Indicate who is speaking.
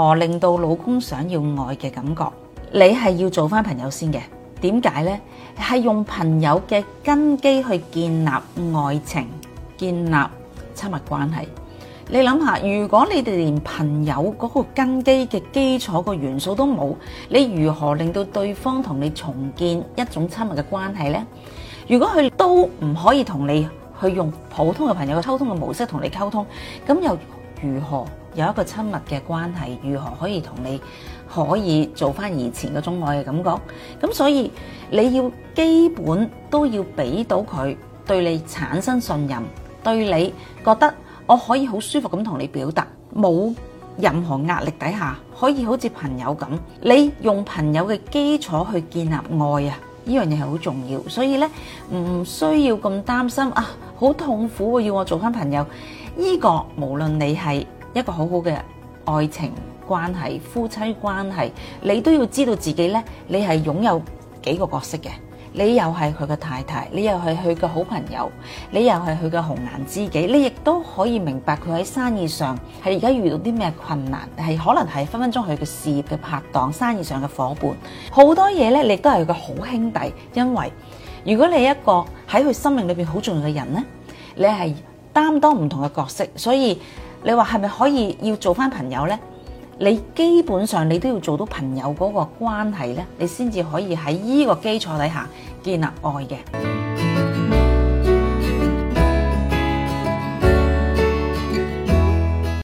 Speaker 1: 何令到老公想要愛嘅感覺？你係要做翻朋友先嘅。點解咧？係用朋友嘅根基去建立愛情，建立親密關係。你諗下，如果你哋連朋友嗰個根基嘅基礎個元素都冇，你如何令到對方同你重建一種親密嘅關係咧？如果佢都唔可以同你去用普通嘅朋友嘅溝通嘅模式同你溝通，咁又如何？有一個親密嘅關係，如何可以同你可以做翻以前嗰種愛嘅感覺？咁所以你要基本都要俾到佢對你產生信任，對你覺得我可以好舒服咁同你表達，冇任何壓力底下可以好似朋友咁。你用朋友嘅基礎去建立愛啊，呢樣嘢係好重要。所以呢，唔需要咁擔心啊，好痛苦要我做翻朋友。呢個無論你係。一個好好嘅愛情關係、夫妻關係，你都要知道自己呢，你係擁有幾個角色嘅。你又係佢嘅太太，你又係佢嘅好朋友，你又係佢嘅紅顏知己，你亦都可以明白佢喺生意上係而家遇到啲咩困難，係可能係分分鐘佢嘅事業嘅拍檔、生意上嘅夥伴，好多嘢呢，你都係佢嘅好兄弟。因為如果你係一個喺佢生命裏邊好重要嘅人呢，你係擔當唔同嘅角色，所以。你話係咪可以要做翻朋友呢？你基本上你都要做到朋友嗰個關係呢，你先至可以喺依個基礎底下建立愛嘅。